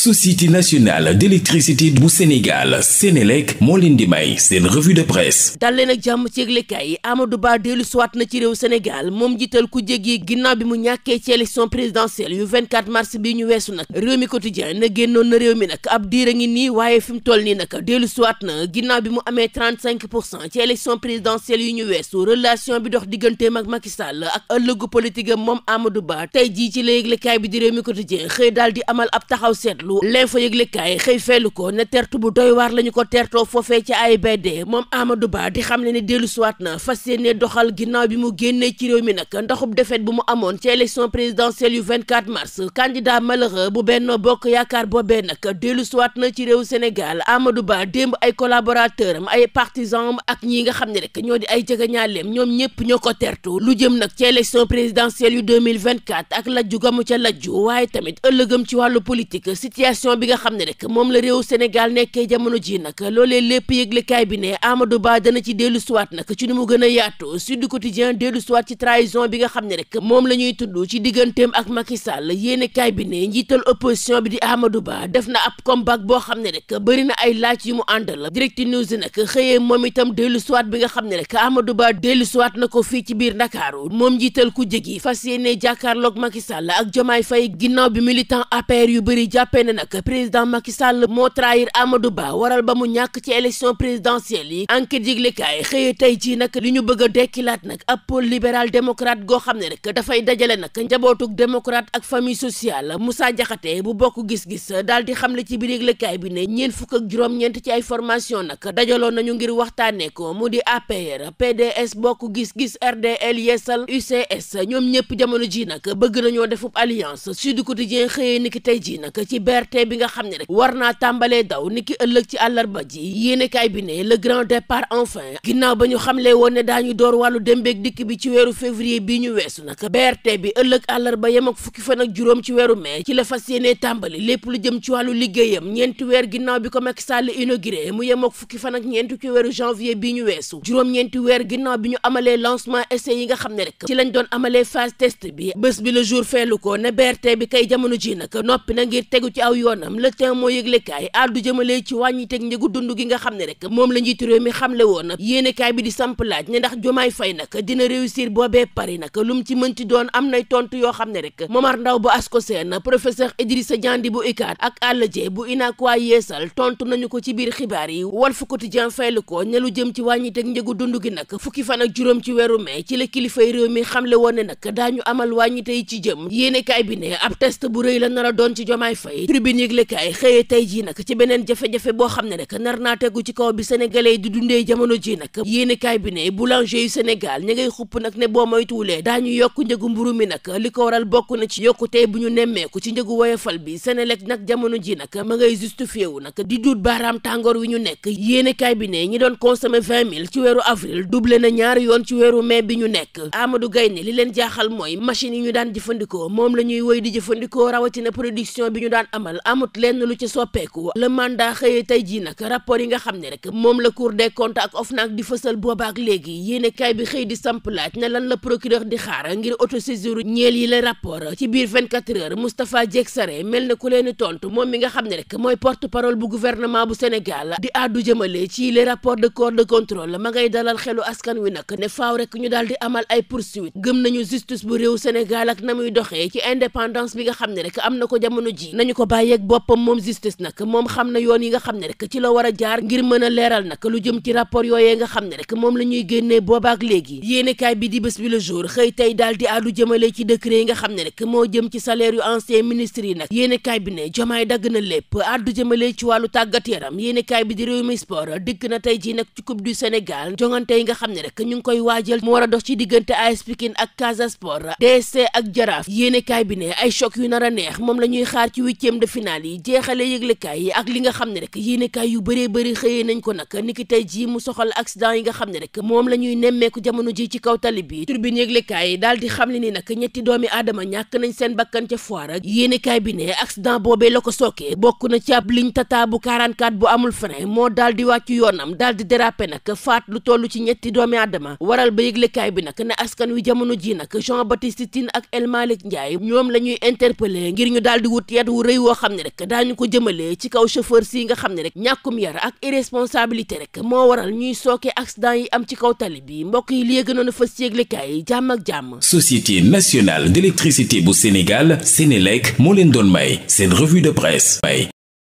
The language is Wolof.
société nationale d'électricité bu Sénégal Sénélec moo leen di may seen revue de presse dal leen ak jàmm ci yëglekaay yi Amadou Ba dellu siwaat na ci réew Sénégal moom jiital ku jege ginnaaw bi mu ñàkkee ci élection présidentielle yu 24 mars bi ñu weesu nag réew mi quotidien na génnoon na réew mi nag ab diir a ngi nii waaye fi mu toll nii nag dellu siwaat na ginnaaw bi mu amee 35 pour cent ci élection présidentielle yu ñu weesu relation bi dox digganteem ak Macky Sall moom Amadou Ba tey jii ci la yëglekaay bi di réew mi quotidien daal di amal ab taxaw seetlu rafetlu l'info yëglekaay xëy feelu ko ne tertu bu doy waar la ko tertoo foofee ci AIBD moom Amadou Ba di xam ne ne dellu siwaat na fas yéene doxal ginnaaw bi mu génnee ci réew mi nag ndaxub défaite bu mu amoon ci élection présidentielle yu 24 mars candidat malheureux bu benn Bokk Yaakaar boobee nag dellu siwaat na ci réew Sénégal amadu Ba démb ay collaborateur am ay partisan ak ñi nga xam ne rek ñoo di ay jegeñaaleem ñoom ñëpp ñoo ko tertu lu jëm nag ci élection présidentielle yu 2024 ak lajju gamu ca lajju waaye tamit ëllëgëm ci wàllu situation bi nga xam ne rek moom la réew Sénégal nekkee jamono ji nag loolee lépp yëglekaay bi ne Amadou Ba dana ci dellu siwaat nag ci ni mu gën a yaatu Sud Quotidien dellu siwaat ci trahison bi nga xam ne rek moom la tudd ci digganteem ak Macky Sall yéenekaay njiital opposition bi di Amadou Ba def na ab comeback boo xam ne rek bëri na ay laaj yu mu àndal Direct News nag xëyee moom itam dellu siwaat bi nga xam ne rek Amadou Ba dellu siwaat na ko fii ci biir Ndakaaru moom njiital ku jëgi fas yéene jàkkaarloog Macky Sall ak Jomaay Faye ginnaaw bi ne nag président Macky moo trahir Amadou Ba waral ba mu ñàkk ci élection présidentielle yi enquête yëglekaay xëye tey jii nag li ñu bëgg a dekkilaat nag ab pôle libéral démocrate goo xam ne rek dafay dajale nag njabootug démocrate ak famille sociale Moussa Diakhaté bu bokk gis-gis daal di xam xamle ci biir yëglekaay bi ne ñeent fukk ak juróom-ñeent ci ay formation nag dajaloon nañu ngir waxtaanee ko mu di APR PDS bokk gis-gis RDL Yeesal UCS ñoom ñëpp jamono ji ji nag ci ber BRT bi nga xam ne rek war naa tàmbalee daw ni ki ëllëg ci àllarba ji yéenekaay bi ne le grand départ enfin ginnaaw ba ñu xamle woon ne daañu door wàllu dembeeg dikk bi ci weeru février bii ñu weesu nag BRT bi ëllëg àllarba yem ak fukki fan ak juróom ci weeru mai ci la fas yéenee tàmbali lépp lu jëm ci wàllu liggéeyam ñeenti weer ginnaaw bi ko Macky Sall inauguré mu yem ak fukki fan ak ñeenti ci weeru janvier bii ñu weesu juróom-ñeenti weer ginnaaw bi ñu amalee lancement yi nga xam ne rek ci lañ doon amalee phase test bi bés bi le jour feelu aw yoonam le temps moo yëglekaay àddu jëmale ci wàññi teg njëgu dund gi nga xam ne rek moom la njiitu réew mi xamle woon yéenekaay bi di samp laaj ne ndax jomaay fay nag dina réussir boobee pari nag lu mu ci mënti doon am nay tontu yoo xam ne rek Momar Ndaw bu asko seen professeur Idrissa Diandi bu ikaat ak àll je bu inaakuwaa yeesal tontu nañu ko ci biir xibaar yi Walf Quotidien faylu ko ne lu jëm ci wàññi teg njëgu dund gi nag fukki fan ak juróom ci weeru mai ci la kilifay réew mi xamle woon ne nag daañu amal wàññite yi ci jëm yéenekaay bi ne ab test bu rëy la nar a doon ci jomaay fay turbine yëglekaay xëyee tey jii nag ci beneen jafe-jafe boo xam ne rek nar naa tegu ci kaw bi sénégalais yi di dundee jamono ji nag yéenekaay bi ne boulanger yu Sénégal ña ngay xupp nag ne boo moytuwulee daañu yokk njëgu mburu mi nag li ko waral bokk na ci yokkutee bu ñu nemmeeku ci njëgu woyofal bi Senelec nag jamono ji nag ma ngay justifié wu nag di duut baaraam tàngoor wi ñu nekk yéenekaay bi ne ñi doon consommer vingt mille ci weeru avril doublé na ñaari yoon ci weeru mais bi ñu nekk Amadou Gaye ne li leen jaaxal mooy machine yi ñu daan jëfandikoo moom la ñuy woy di jëfandikoo rawatina production bi ñu daan amal amal amut lenn lu ci soppeeku le mandat xëyee tey jii nag rapport yi nga xam ne rek moom la cour des comptes ak OFNAC di fësal boobaak léegi yéenekaay bi xëy di samp laaj ne lan la procureur di xaar ngir autosaisir ñeel yi la rapport ci biir 24 heures Moustapha Diek Sarr mel na ku leen tontu moom mi nga xam ne rek mooy porte parole bu gouvernement bu Sénégal di àddu jëmale ci les rapports de corps de contrôle ma ngay dalal xelu askan wi nag ne faaw rek ñu daal di amal ay poursuite gëm nañu justice bu réew Sénégal ak na muy doxee ci indépendance bi nga xam ne rek am na ko jamono ji nañu ko bàyyeeg boppam moom justice nag moom xam na yoon yi nga xam ne rek ci la war a jaar ngir mën a leeral nag lu jëm ci rapport yooyee nga xam ne rek moom la ñuy génnee boobaak léegi yéenekaay bi di bés bi le jour xëy tey daal di àddu jëmale ci décret yi nga xam ne rek moo jëm ci salaire yu ancien ministre yi nag yéenekaay bi ne jomaay dagg na lépp àddu jëmale ci wàllu tàggat yaram yéenekaay bi di réew mi sport dikk na tey ji nag ci coupe du Sénégal jongante yi nga xam ne rek ñu ngi koy waajal mu a dox ci diggante AS ak Casa Sport DSC ak Jaraaf yéenekaay bi ne ay choc yu nar neex moom la ñuy de finale yi jeexale yëglekaay yi ak li nga xam ne rek yéenekaay yu bëree bëri xëyee nañ ko nag niki tey jii mu soxal accident yi nga xam ne rek moom la ñuy jamono jii ci kaw tali bi turbine yëglekaay yi daal di xam le ni nag ñetti doomi aadama ñàkk nañ seen bakkan ca foire yéenekaay bi ne accident boobee la ko sookee bokk na ci ab ligne tata bu 44 bu amul frein moo daal di wàccu yoonam daal di déraper nag faat lu toll ci ñetti doomi aadama waral ba yëglekaay bi nag ne askan wi jamono ji nag Jean Baptiste Tine ak El Malick Ndiaye ñoom la ñuy interpeller ngir ñu daal di wu goo xam ne rek daañu ko jëmalee ci kaw chauffeur si nga xam ne rek ñàkkum yar ak irresponsabilité rek moo waral ñuy sooke accident yi am ci kaw tali bi mbokk yi léegi noonu fas yéeglekaay yi jàmm ak jàmm. Société nationale d'électricité bu Sénégal Sénélec moo leen doon may seen revue de presse may.